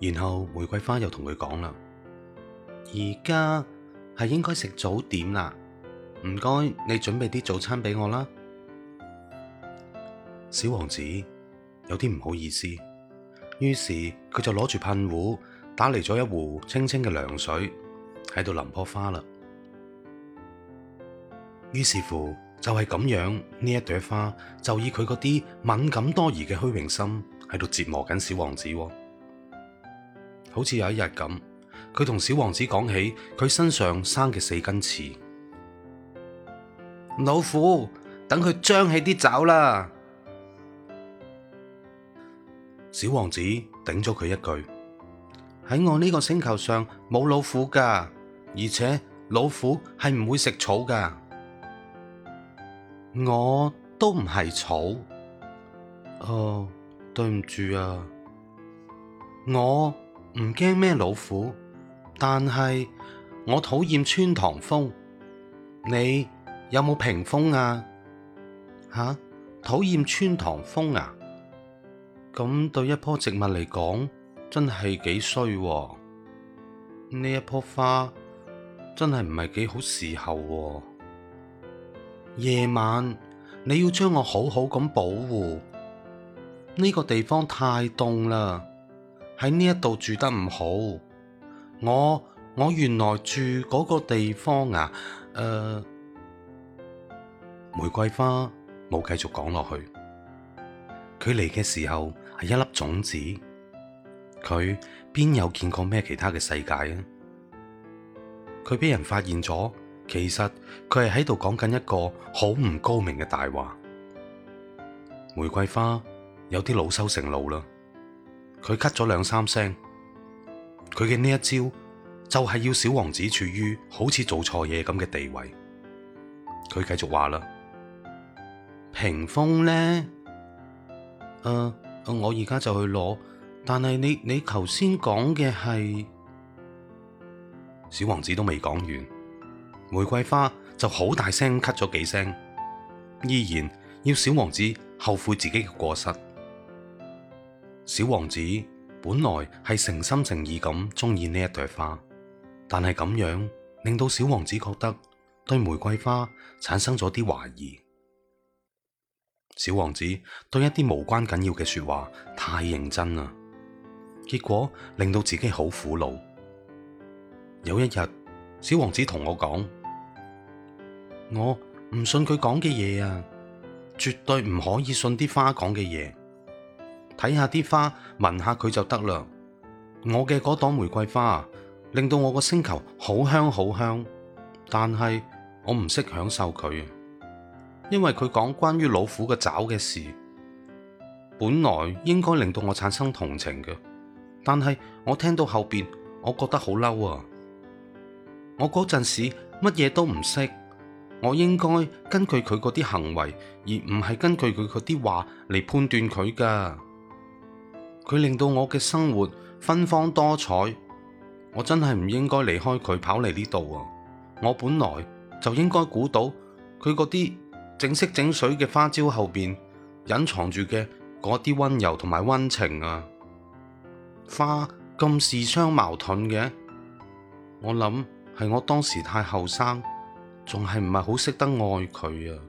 然後玫瑰花又同佢講啦，而家係應該食早點啦，唔該你準備啲早餐俾我啦。小王子有啲唔好意思，於是佢就攞住噴壺打嚟咗一壺清清嘅涼水喺度淋棵花啦。於是乎就係咁樣呢，一朵花就以佢嗰啲敏感多疑嘅虛榮心喺度折磨緊小王子。好似有一日咁，佢同小王子講起佢身上生嘅四根刺。老虎，等佢張起啲爪啦！小王子頂咗佢一句：喺我呢個星球上冇老虎噶，而且老虎係唔會食草噶。我都唔係草。誒、哦，對唔住啊，我。唔驚咩老虎，但係我討厭穿堂風。你有冇屏風啊？吓，啊，討厭穿堂風啊！咁對一棵植物嚟講，真係幾衰喎。呢一棵花真係唔係幾好伺候喎。夜晚你要將我好好咁保護。呢個地方太凍啦。喺呢一度住得唔好，我我原來住嗰個地方啊，誒、呃，玫瑰花冇繼續講落去。佢嚟嘅時候係一粒種子，佢邊有見過咩其他嘅世界啊？佢俾人發現咗，其實佢係喺度講緊一個好唔高明嘅大話。玫瑰花有啲惱羞成怒啦。佢咳咗兩三聲，佢嘅呢一招就係要小王子處於好似做錯嘢咁嘅地位。佢繼續話啦，屏風咧，誒、呃、我而家就去攞，但係你你頭先講嘅係，小王子都未講完，玫瑰花就好大聲咳咗幾聲，依然要小王子後悔自己嘅過失。小王子本來係誠心誠意咁中意呢一朵花，但係咁樣令到小王子覺得對玫瑰花產生咗啲懷疑。小王子對一啲無關緊要嘅說話太認真啦，結果令到自己好苦惱。有一日，小王子同我講：「我唔信佢講嘅嘢啊，絕對唔可以信啲花講嘅嘢。睇下啲花，聞下佢就得啦。我嘅嗰朵玫瑰花令到我個星球好香好香。但係我唔識享受佢，因為佢講關於老虎嘅爪嘅事，本來應該令到我產生同情嘅。但係我聽到後邊，我覺得好嬲啊！我嗰陣時乜嘢都唔識，我應該根據佢嗰啲行為，而唔係根據佢嗰啲話嚟判斷佢㗎。佢令到我嘅生活芬芳多彩，我真係唔應該離開佢跑嚟呢度啊！我本來就應該估到佢嗰啲整色整水嘅花招後邊隱藏住嘅嗰啲溫柔同埋溫情啊！花咁自相矛盾嘅，我諗係我當時太後生，仲係唔係好識得愛佢啊？